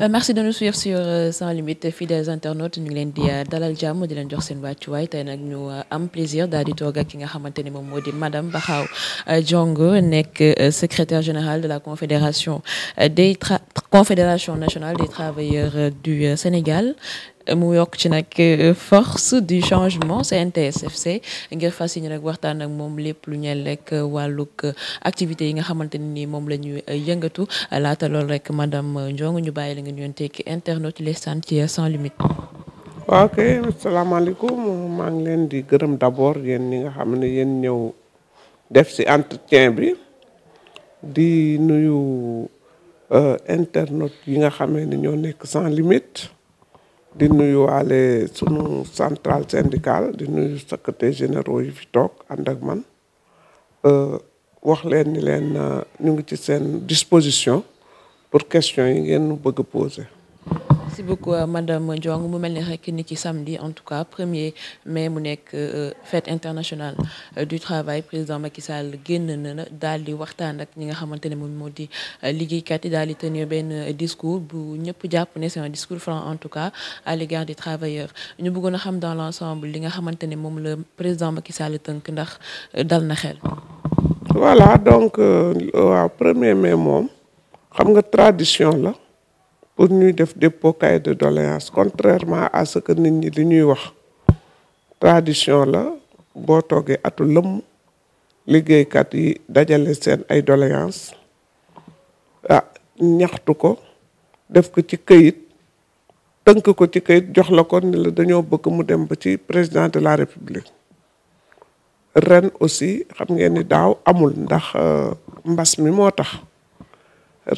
Euh, merci de nous suivre sur euh, sans limite fidèles internautes ñu ngi leen di euh, dalal jàmm di leen jox seen wàccuwaay tey nag ñu am plaisir daal di toog ak ki nga xamante ne moom moo di madame Bakhaw Diongue nekk secrétaire générale de la confédération des confédération nationale des travailleurs euh, du euh, Sénégal euh, mu yokk ci nag force du changement CNTS/FC ngir fas yéene rek waxtaan ak moom lépp lu ñeel lekk wàllug activité yi nga xamante ne ni moom la ñu yëngatu laata lool rek madame Ndiongue ñu bàyyi la nga nuyoon tekki internet yi leesaan ci sans limite. waaw kay asalaamaaleykum maa leen di gërëm d'abord yéen ñi nga xam ne yéen ñëw def ci entretien bi di nuyu. Euh, internautes yi nga xamee ni ñoo nekk sans limite di nuyu waale sunu centrale syndicale di nuy secrétaire généraux yi fi toog ànd ak man euh, wax leen ni leen euh, ñu ngi ci seen disposition pour question yi ngeen bëgg poser merci beaucoup euh, madame Ndiong mu mel ni rek ni ki samedi en tout cas premier mai mu nekk euh, fête internationale euh, du travail président Macky Sall génn na daal di waxtaan ak ñi nga xamante ne moom moo di liggéeykat yi daal di tenir benn discours bu ñëpp jàpp ne c'est un discours franc en tout cas à l'égard des ñu bëggoon a xam dans l'ensemble li nga xamante ne moom la président Macky Sall tënk ndax dal na xel. voilà donc waaw premier mai moom xam nga tradition la. pour ñuy def dépôt cahier de doléance contrairement à ce que nit ñi li ñuy wax tradition la boo toogee atu lëmm liggéeykat yi dajale seen ay doléance ah ñaxtu ko def ko ci këyit tënk ko ci këyit jox la ko ni la dañoo bëgg mu dem ba ci président de la république ren aussi xam ngeen ni daaw amul ndax euh, mbas mi moo tax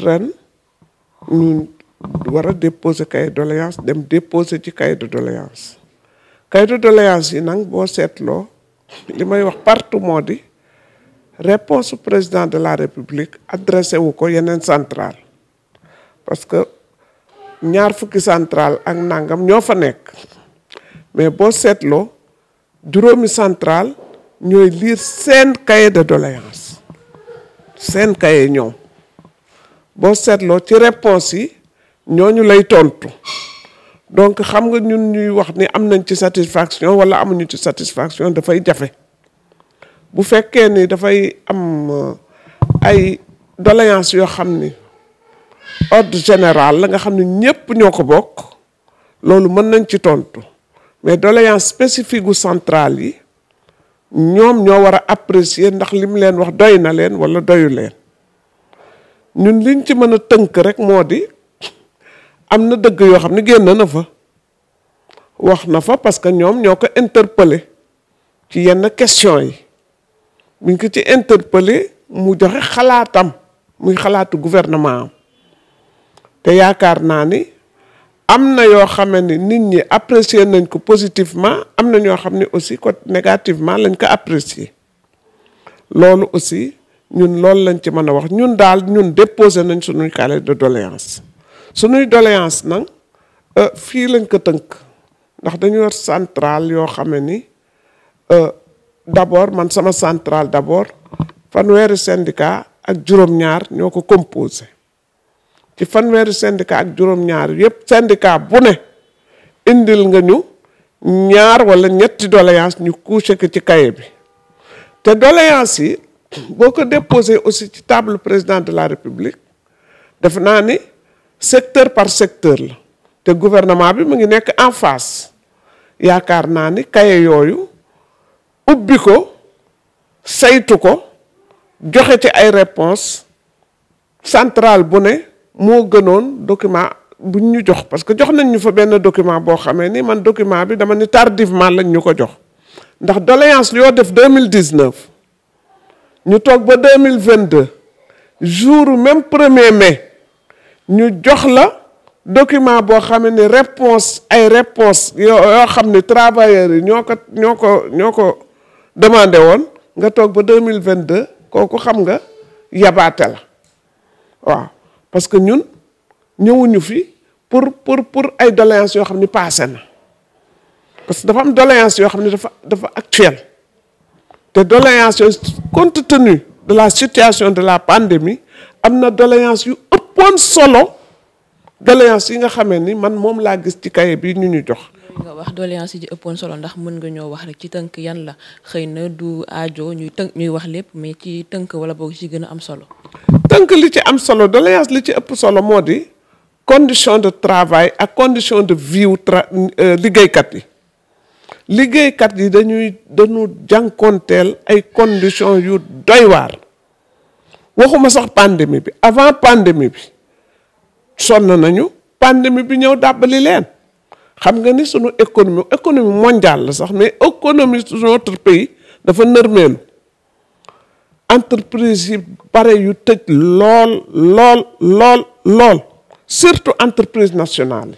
ren war a déposer cahier de doléance dem déposer ci cahier de doléance cahier de doléance yi nag boo seetloo li may wax partout moo di réponse président de la république adressé wu ko yeneen centrale parce que ñaar fukki centrale ak nangam ñoo fa nekk mais boo seetloo juróomi centrale ñooy lire seen cahier de doléance seen cahier ñoom boo seetloo ci réponse yi ñooñu lay tontu donc xam nga ñun ñuy wax ni am nañ ci satisfaction wala amuñu ci satisfaction dafay jafe bu fekkee ni dafay am euh, ay doléance yoo xam ni ordre général la nga xam ne ñépp ñoo ko bokk loolu mën nañ ci tontu mais doléance spécifique gu centrale yi ñoom ñoo war a apprécier ndax li mu leen wax doy na leen wala doyu leen ñun liñ ci mën a tënk rek moo di am na dëgg yoo xam ne génn na fa wax na fa parce que ñoom ñoo ko interpellé ci yenn question yi buñ ko ci interpellé mu joxe xalaatam muy xalaatu gouvernement am te yaakaar naa ni am na yoo xam ne nit ñi apprécier nañ ko positivement am na ñoo xam ne aussi ko négativement lañ ko apprécier loolu aussi ñun loolu lañ ci mën a wax ñun daal ñun déposé nañ suñu cahier de doléance suñuy doléance nag euh, fii lañ ko tënk ndax dañu war centrale yoo xam ne ni euh, d'abord man sama centrale d'abord fanweeri syndicat ak juróom-ñaar ñoo ko composé ci fanweeri syndicat ak juróom-ñaar yëpp syndicat bu ne indil nga ñu ñaar wala ñetti doléance ñu couché ko ci cahier bi te doléance yi boo ko déposé aussi ci table président de la république def naa ni secteur par secteur la te gouvernement bi mu ngi nekk en face yaakaar naa ni kaye yooyu ubbi ko saytu ko joxe ci ay réponse centrale bu ne moo gënoon document buñ ñu jox parce que jox nañ ñu fa benn document boo xamee ni man document bi dama ni tardivement lañ ñu ko jox ndax doléance yoo def 2019 ñu toog ba mille 2022 jour même premier mai ñu jox la document boo xam ne réponse ay réponse yoo yoo xam ne travailleurs yi ñoo ko ñoo ko ñoo ko demandé woon nga toog ba deux mille vingt deux kooku xam nga yabaate la waaw parce que ñun ñëwuñu fi pour pour pour ay doléances yoo xam ne passé na parce que dafa am doléance yoo xam ne dafa dafa actuelle te doléance yooyu compte tenu de la situation de la pandémie am na doléance yu ëppoon solo doléance yi nga xamee ni man moom laa gis ci kaye bi ñu ñu jox. nga wax doléance yi ji ëppoon solo ndax mën nga ñoo wax rek ci tënk yan la xëy na du aajo ñuy tënk ñuy wax lépp mais ci tënk wala boog ci gën a am solo. tënk li ci am solo doléance li ci ëpp solo moo di condition de travail ak condition de vie tra euh, liggéeykat yi liggéeykat yi dañuy dañu jànkoonteel ay conditions yu doy waar. waxuma sax pandémie bi avant pandémie bi sonn nañu pandémie bi ñëw dàbbali leen xam nga ni suñu économie économie mondiale la sax mais économie sunu notre pays dafa nërmeelu entreprise yi bare yu tëj lool lool lool lool surtout entreprise nationale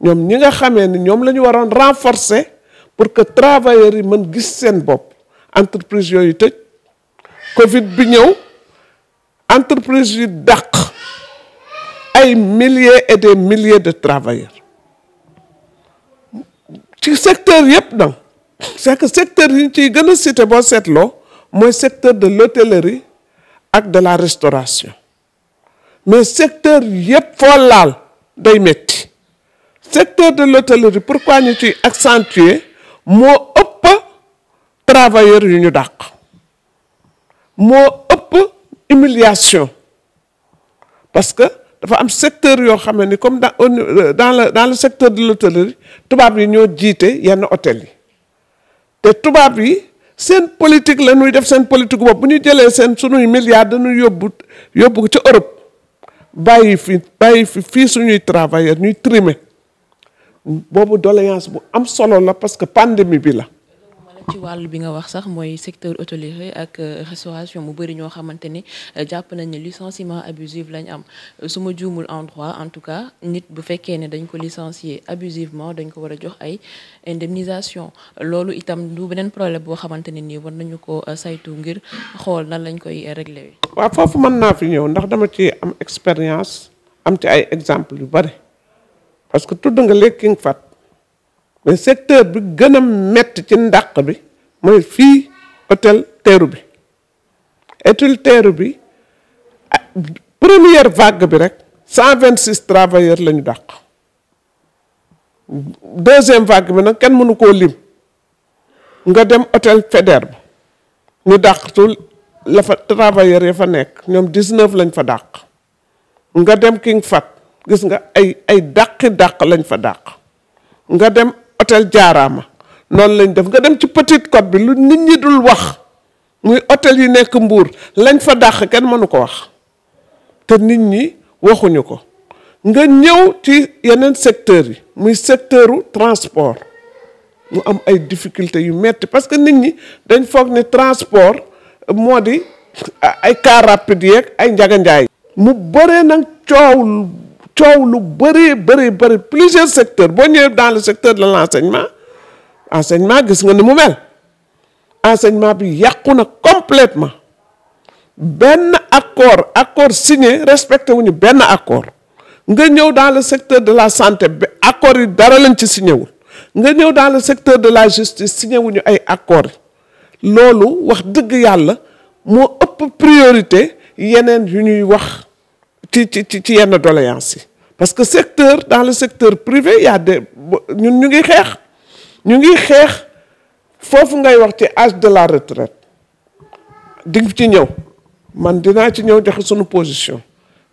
yi ñoom ñi nga xamee ni ñoom la ñu waroon renforcer pour que travailleurs yi mën gis seen bopp entreprise yooyu tëj Covid bi ñëw entreprise yu dàq ay milliers et des milliers de travailleurs ci secteur yëpp nag c'est secteur yi ciy gën a cité boo seetloo mooy secteur de l'hôtellerie ak de la restauration mais secteur yëpp foo laal day métti secteur de l'hôtellerie pourquoi ñu ciy accentuer moo ëpp travailleurs yu ñu dàq moo ëpp humiliation parce que dafa am secteur yoo xam ne ni comme dans euh, dans dans le secteur de l'hôtellerie tubaab yi ñoo jiite yenn hôtel yi te tubaab yi seen politique la ñuy def seen politique boobu bu ñu jëlee seen sunuy milliards dañuy yóbbu yóbbu ci Europe bàyyi fi bàyyi fi fii suñuy travailleurs ñuy trimer boobu doléance bu am solo la parce que pandémie bi la ci wàll bi nga wax sax mooy secteur hôtelier ak euh, restauration mu bëri ñoo xamante ni euh, jàpp nañ ne licenciement abusif lañ am euh, su ma juumul en droit en tout cas nit bu fekkee ne dañ ko licencier abusivement dañ ko war a jox ay indemnisation loolu itam du beneen problème boo xamante ne nii war nañu ko saytu ngir xool nan lañ koy régler. waaw foofu mën naa fi ñëw ndax dama ci am expérience am ci ay exemple yu bëri parce que tudd nga léegi King Fahd mais secteur bi gëna a metti ci ndàq bi mooy fii hôtel teeru bi hôtel teeru bi ah, première vague bi rek cent vingt six travailleurs la ñu dàq deuxième vague bi nag kenn mënu koo lim nga dem hôtel Faidherbe ñu dàq tu la fa travailleurs ya fa nekk ñoom dix-neuf lañ fa dàq nga dem King fat gis nga ay ay dàqi dàq lañ fa dàq nga dem hôtel jaaraama noonu lañ def nga dem ci Petite Côte bi lu nit ñi dul wax muy hôtel yi nekk Mbour lañ fa dàq kenn mënu ko wax te nit ñi waxuñu ko nga ñëw ci yeneen secteurs yi muy secteuru transport mu am ay difficultés yu metti parce que nit ñi dañ foog ne transport moo di ay car rapide yeeg ay njaganjaay mu bëree nag coow coow lu bëree bëri bëri plusieurs secteurs boo ñëwee dans le secteur de l'enseignement enseignement gis nga ni mu mel enseignement bi yàqu na complètement benn accord accord signé respecté ñu benn accord nga ñëw dans le secteur de la santé ba accord yi dara lañ ci signé wul nga ñëw dans le secteur de la justice signé ñu ay accords yi loolu wax dëgg yàlla moo ëpp priorité yeneen yu ñuy wax ci ci ci yenn doléance yi parce que secteur dans le secteur privé y a des ñun ñu ngi xeex ñu ngi xeex foofu ngay wax ci âge de la retraite di ci ñëw man dinaa ci ñëw joxe suñu position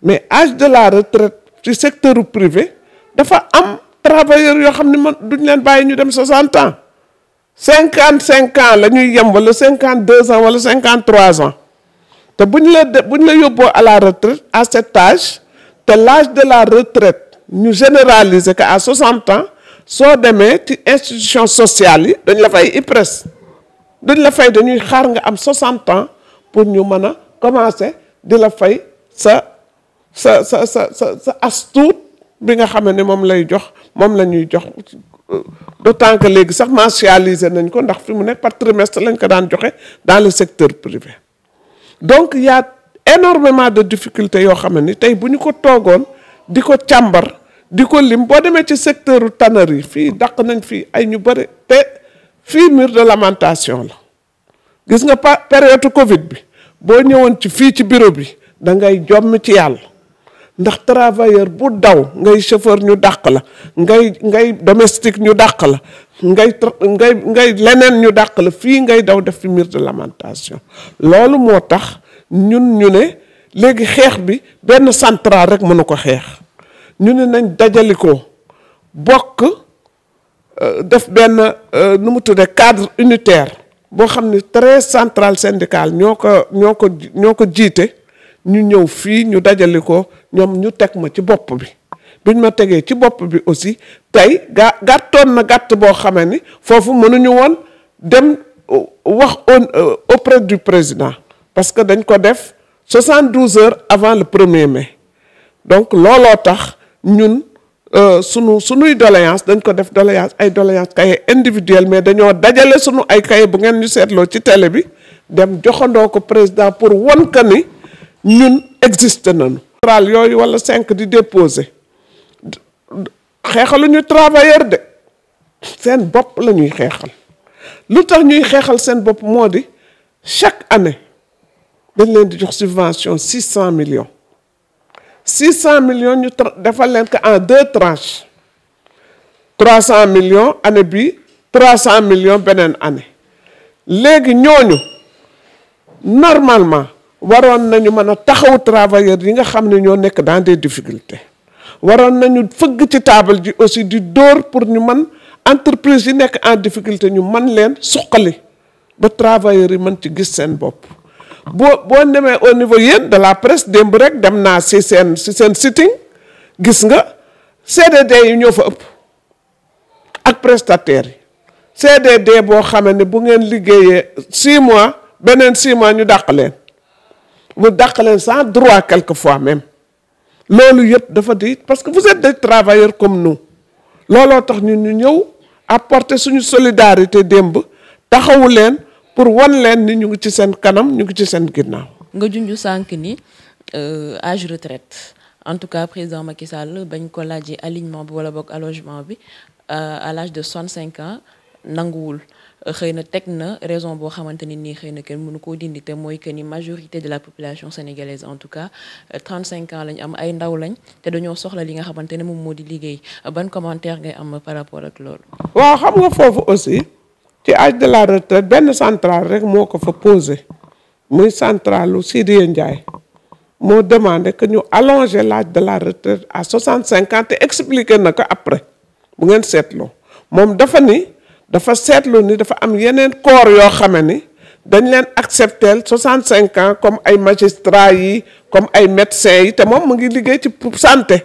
mais âge de la retraite ci secteur privé dafa am travailleurs yoo xam ni ma duñ leen bàyyi ñu dem 60 ans cinquante ans la ñuy yem cinquante deux ans wala 53 ans te buñ la de buñ la yóbboo à la retraite à cet te lage de la retraite ñu généraliser que à 60 ans soo demee ci institution sociale yi dañ la fay IPRES dañ la fay dañuy xaar nga am 60 ans pour ñu mën a commencer di la fay sa sa sa sa sa sa astuut bi nga xam ne moom lay jox moom la ñuy jox d'autant que léegi sax mensualiser nañ ko ndax fi mu nekk par trimestre lañ ko daan joxe dans le secteur privé donc y énormément de difficultés yoo xam ni tey bu ñu ko toogoon di ko càmbar di ko lim boo demee ci secteur u yi fii dàq nañ fii ay ñu bëri te fii mur de lamentation la gis nga pa période Covid bi boo ñëwoon ci fii ci bureau bi da ngay jomm ci yàlla ndax travailleur bu daw ngay chauffeur ñu dàq la ngay ngay domestique ñu dàq la ngay ngay leneen ñu dàq la fii ngay daw def fi mur de lamentation loolu moo tax ñun ñu ne léegi xeex bi benn central rek mënu ko xeex ñu ne nañ dajali ko bokk euh, def benn euh, nu mu tuddee cadre unitaire boo xam ni treize centrales syndicales ñoo ko ñoo ko ñoo ko jiite ñu ñëw fii ñu dajali ko ñoom ñu teg ma ci bopp bi biñ ma tegee ci bopp bi aussi tey gaa gàttoon na gàtt boo xamee ni foofu mënuñu woon dem euh, wax auprès du président parce que dañ ko def 72 heures avant le premier mais donc looloo tax ñun euh, sunu sunuy doléance dañ ko def doléance ay doléance cahier individuel mais dañoo dajale sunu ay cahier bu ngeen ñu seetloo ci télé bi dem joxandoo ko président pour wan ka ni ñun existe nañu. tral yooyu wala cinq di déposé xeexaluñu travailleur de seen bopp la ñuy xeexal lu tax ñuy xeexal seen bopp moo di chaque année. dañ leen di jox subvention six cent millions six cent millions ñu defal leen ko en deux tranches trois cent millions année bi trois cent millions beneen année léegi ñooñu normalement waroon nañu mën a taxaw travailleurs yi nga xam ne ñoo nekk dans des difficultés waroon nañu fëgg ci taabal ji aussi di dóor pour ñu man entreprise yi nekk en difficulté ñu man leen suqali ba travailleurs yi mën ci gis seen bopp boo boo demee au niveau yéen de la presse démb rek dem naa si seen si seen sitting gis nga CDD yi ñoo fa ëpp ak prestataires yi CDD boo xamee ne bu ngeen liggéeyee 6 mois beneen 6 mois ñu dàq leen mu dàq leen sans droit fois même loolu yëpp dafa di parce que vous êtes des travailleurs comme nous looloo tax ñun ñu ñëw apporter suñu solidarité démb taxawu leen. pour wan leen ni ñu ngi ci seen kanam ñu ngi ci seen ginnaaw. nga junj sànq ni euh, âge retraite en tout cas président Macky Sall bañ ko laajee alignement bi wala boog allongement bi euh, à l'âge de 65 ans nanguwul xëy na teg na raison boo xamante ni nii xëy na kenn mënu koo dindi te mooy que ni majorité de la population sénégalaise en tout cas 35 euh, ans lañ am ay ndaw lañ te dañoo soxla li nga xamante ne moom moo di liggéey ban commentaire ngay am par rapport ak loolu. ci âge de la retraite benn centrale rek moo ko fa posé muy centrale lu Sidya Ndiaye moo demandé que ñu allonger l'âge de la retraite à soixante cinq ans te expliqué na ko après bu ngeen seetloo moom dafa ni dafa seetlu ni dafa am yeneen corps yoo xame ni dañ leen accepter soixante cinq ans comme ay magistrats yi comme ay médecins yi te moom mu ngi liggéey ci santé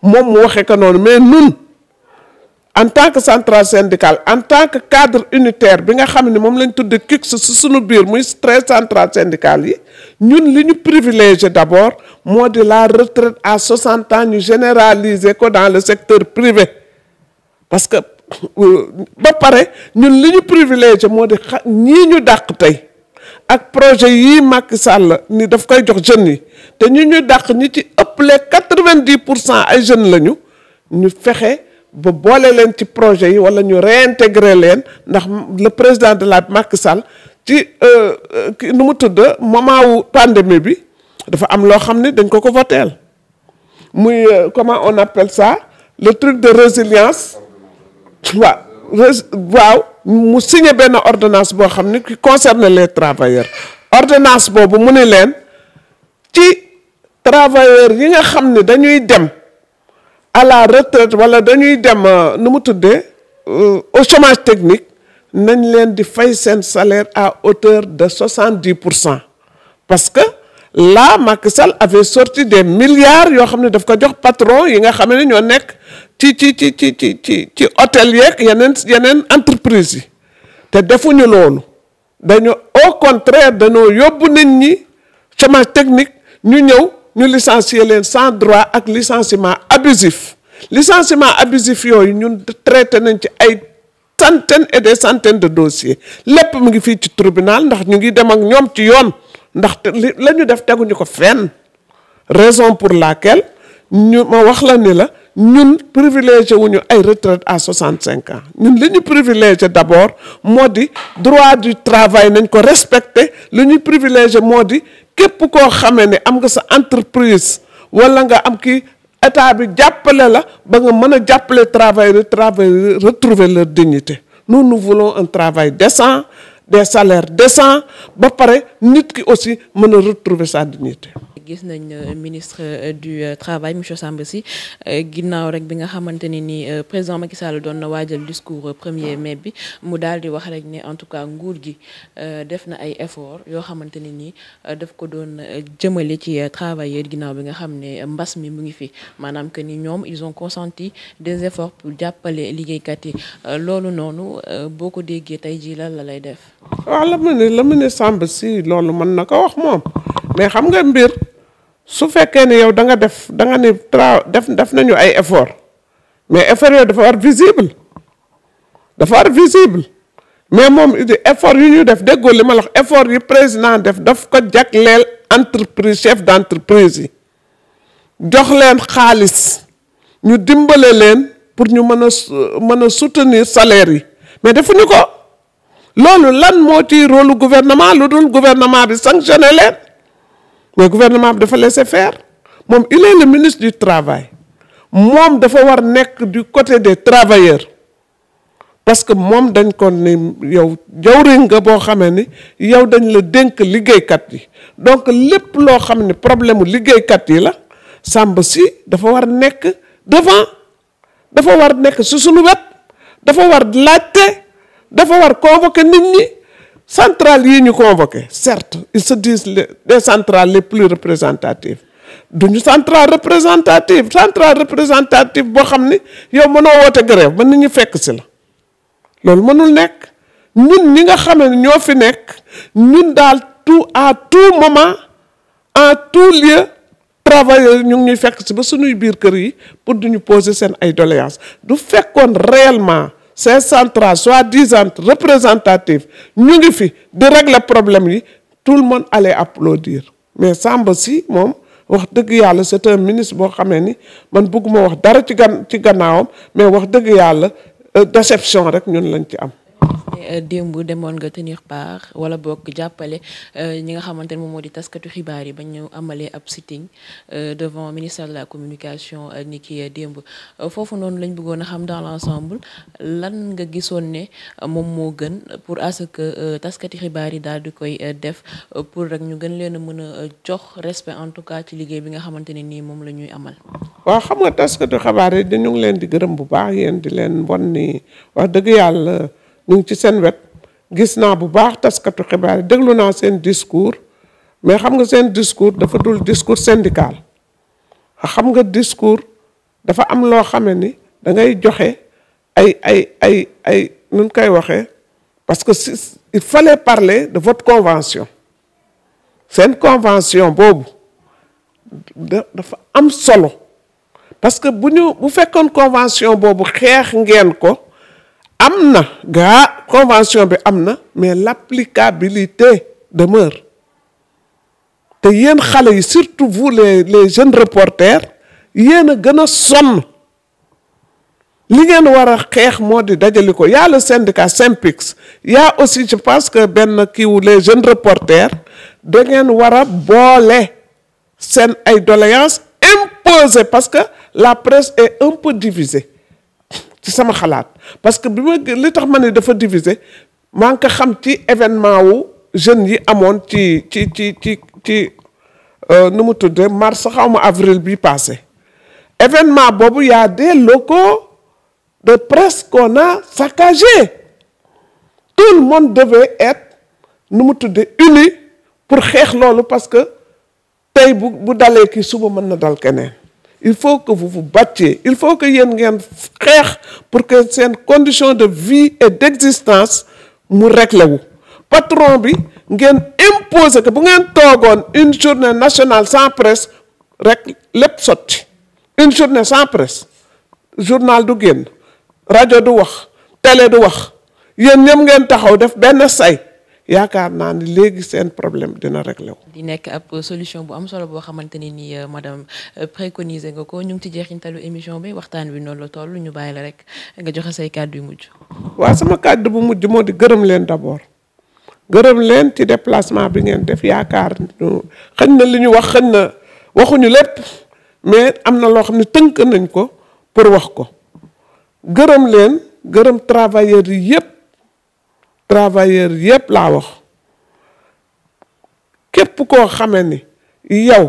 moom mu waxee ko noonu mais nun en tant que centrale syndicale en tant que cadre unitaire bi nga xam ne moom lañ tudde KIX si suñu biir muy treize centrales syndicales yi ñun li ñu privilégié d'abord moo di la retraite à soixante ans ñu généraliser ko dans le secteur privé parce que euh, ba pare ñun li ñu privilégié moo di xa ñii ñu dàq tey ak projet yii Macky Sall ni daf koy jox jeunes yi te ñu ñu dàq ñi ci ëpp les quatre-vingt-dix pour cent ay jeunes lañu ñu fexe ba boole leen ci projet yi wala ñu réintégrer leen ndax le président de la Macky Sall ci euh, euh, nu mu tudd moment wu pandémie bi dafa am loo xam ni dañ ko ko voteel muy euh, comment on appelle ça le truc de résilience waaw waaw mu signé benn ordinance boo xam ne qui concerne les travailleurs ordonnance boobu mu ne leen ci travailleurs yi nga xam ne dañuy dem à la retraite wala dañuy dem euh, nu mu tuddee euh, au chômage technique nañ leen di fay seen salaire à hauteur de soixante dix pour cent parce que là Macky Sall avait sorti des milliards yoo xam ne daf ko jox patron yi nga xam ne ñoo nekk ci ci ci ci ci ci ci hôtel yeeg yeneen yeneen entreprise yi te defuñu loolu dañu au contraire dañoo yóbbu nit ñi chômage technique ñu ñëw. ñu licencier leen sans droit ak licenciement abusif licenciement abusif yooyu ñun traité nañ ci ay centaines et des centaines de dossiers lépp mu ngi fii ci tribunal ndax ñu ngi dem ak ñoom ci yoon ndax li la ñu def teguñu ko fenn raison pour laquelle ñu ma wax la ni la ñun privilégié wuñu ay retraite à soixante cinq ans ñun li ñu privilégié d'abord moo di droit du travail nañ ko respecté li ñuy privilégié moo di képp koo xamee ne am nga sa entreprise wala nga am kii état bi jàppale la ba nga mën a jàppale travail travail retrouver leur dignité nous nous voulons un travail décent des salaires décents ba pare nit ki aussi mën a retrouver sa dignité gis nañ euh, ministre euh, du euh, travail monsieur Samba Sy ginnaaw rek bi nga xamante ne ni président ma Sall doon na waajal discours premier mai bi mu daal di wax rek ne en tout cas nguur gi def na ay effort yoo xamante ne nii daf ko doon jëmale ci travailleurs ginnaaw bi nga xam ne mbas mi mu ngi fi maanaam que ni ñoom ils ont consenti des efforts pour jàppale liggéeykat yi loolu noonu boo ko déggee tey jii lan la lay def. waaw la mu la mu ne Samba loolu mën su fekkee ne yow da nga def da nga ne tra def def nañu ay effort mais effort yooyu dafa war visible dafa war visible mais moom effort yi ñu def déggoo li ma la wax effort yi président def daf ko jagleel entreprise chef d' entreprise yi jox leen xaalis ñu dimbale leen pour ñu mën a mën a soutenir salaire yi mais defuñu ko loolu lan moo ci rôle gouvernement lu dul gouvernement bi sanctionné leen mais gouvernement bi dafa laisser faire moom il est le ministre du travail moom dafa war nekk du côté des travailleurs parce que moom dañ ko ni yow jawriñ nga boo xamee ni yow dañ la dénk liggéeykat yi donc lépp loo xam ne problème mu liggéeykat yi la Samba si dafa war nekk devant dafa war nekk su suñu wet dafa war laajte dafa war convoquer nit ñi centrales yii ñu convoqué certes ils se le les centrales les plus représentatives duñu centrale représentative centrale représentative boo xam ni yow mënoo woote grève ba nit ñi fekk si la loolu mënul nekk ñun ñi nga xame ne ñoo fi nekk nun daal tout à tout moment en tout lieu travailleurs ñu ngi ñuy fekk si ba suñuy biir kër yi pour duñu poser seen ay doléances du fekkoon réellement ces centrales soi-disant représentatives ñu ngi fi di régler problème yi tout le monde allait applaudir mais Samba si moom wax dëgg yàlla c'est ministre boo xamee ni man bëgguma wax dara ci gan ci gannaawam mais wax dëgg yàlla euh, déception rek ñun lañ ci am Euh, démb demoon nga tenir part wala boog jàppale euh, ñi nga xamante ne moom moo di taskatu xibaar yi ba ñu amalee ab sitting euh, devant ministère de la communication ni kii ki démb foofu noonu lañ bëggoon a xam dans l'ensemble lan nga gisoon ne moom moo gën pour à ce que taskati xibaar yi daal di koy def pour rek ñu gën leen a mën a jox respect en tout cas ci liggéey bi nga xamante ne nii moom la ñuy amal. waaw xam nga taskatu xibaar yi dañu leen di gërëm bu baax ñu ci seen wet gis naa bu baax taskatu xibaar yi déglu naa seen discours mais xam nga seen discours dafa dul discours syndical xam nga discours dafa am loo xame ni da ngay joxe ay ay ay ay nun koy waxee parce que il parle de votre convention seen convention boobu dafa am solo parce que bu ñu bu fekkoon convention boobu xeex ngeen ko am na gaa convention bi am na mais l'applicabilité demeur te yéen xale yi surtout vous les les jeunes reporters yéen a gën a sonn li ngeen war a xeex moo di dajale ko y'a le syndicat Synpics y'a aussi je parce que benn kiiwu les jeunes reporters da ngeen war a boole seen ay doléances imposées parce que la presse est un peu divisée ci sama xalaat parce que bi ma li tax ma ne dafa diviser maa ngi ko xam ci événement wu jeunes yi amoon ci ci ci ci ci euh, nu mu tuddee mars xaw ma avril bi passé événement boobu yaa a des de presse qu'on a saccagés tout le monde devait être nu mu tuddee uni pour xeex loolu parce que tey bu bu dalee kii suba mën na dal keneen. il faut que vous vous il faut que yéen ngeen xeex pour que seen condition de vie et d'existence mu réglé wu patron bi ngeen imposer que bu ngeen toogoon une journée nationale sans presse rek lépp sotti une journée sans presse journal du génn rajo du wax télé du wax yéen ñëpp ngeen taxaw def benn say yaakaar naa ni léegi seen problème dina réglé wu. di nekk ab solution bu am solo boo xamante ne ni euh, madame euh, préconiser nga ko ñu ngi ci jeexintalu émission bi waxtaan wi noonu la tool lu ñu bàyyi la rek nga joxe say kàddu yu mujj. waa sama kàddu bu mujj moo di gërëm leen d'abord gërëm leen ci déplacement bi ngeen def yaakaar ñu xëñ na li ñu wax xëñ na waxuñu lépp mais am na loo xam ne tënk nañ ko pour wax ko gërëm leen gërëm travailleurs yi yépp travailleur yépp laa wax képp koo xamee ni yow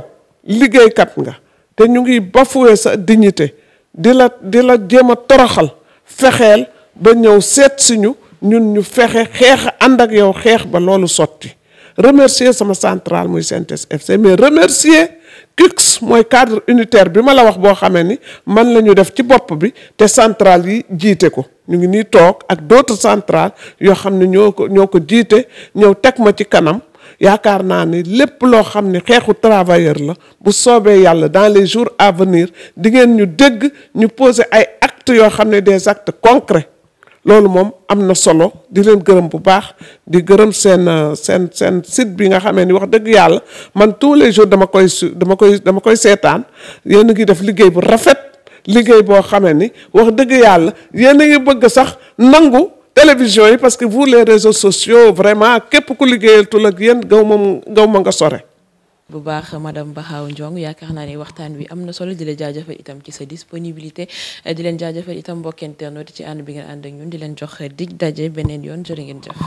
liggéeykat nga te ñu ngi bafoué sa dignité di la di jéem a toroxal fexeel ba ñëw seet si ñu ñun ñu fexe xeex ànd ak yow xeex ba loolu sotti remercier sama centrale muy CNTS FC mais remercier CUCS mooy cadre unitaire bi ma la wax boo xamee ni man la def ci bopp bi te centrale yi jiite ko ñu ngi nii toog ak d'autres centrales yoo xam ne ñoo ko ñoo ko jiite ñëw teg ma ci kanam yaakaar naa ni lépp loo xam ne xeexu travailleur la bu soobee yàlla dans les jours à venir di ngeen ñu dégg ñu poser ay actes yoo xam ne des actes concrets loolu moom am na solo di leen gërëm bu baax di gërëm seen euh, seen seen site bi nga xamee ni wax dëgg yàlla man tout les jours dama koy su dama koy dama koy seetaan yéen a ngi def liggéey bu rafet liggéey boo xamee ni wax dëgg yàlla yéen a ngi bëgg sax nangu télévision yi parce que vous les réseaux sociaux vraiment képp ku liggéeyal tul ak yéen gaw moom gaw ma nga sore bu baax madame Bakhaw Ndiong yaakaar naa ne waxtaan wi am na solo di la jaajëfal itam ci sa disponibilité di leen jaajëfal itam mbokk internaute ci ànd bi ngeen ànd ak ñun di leen jox dig daje beneen yoon jërë ngeen jëf.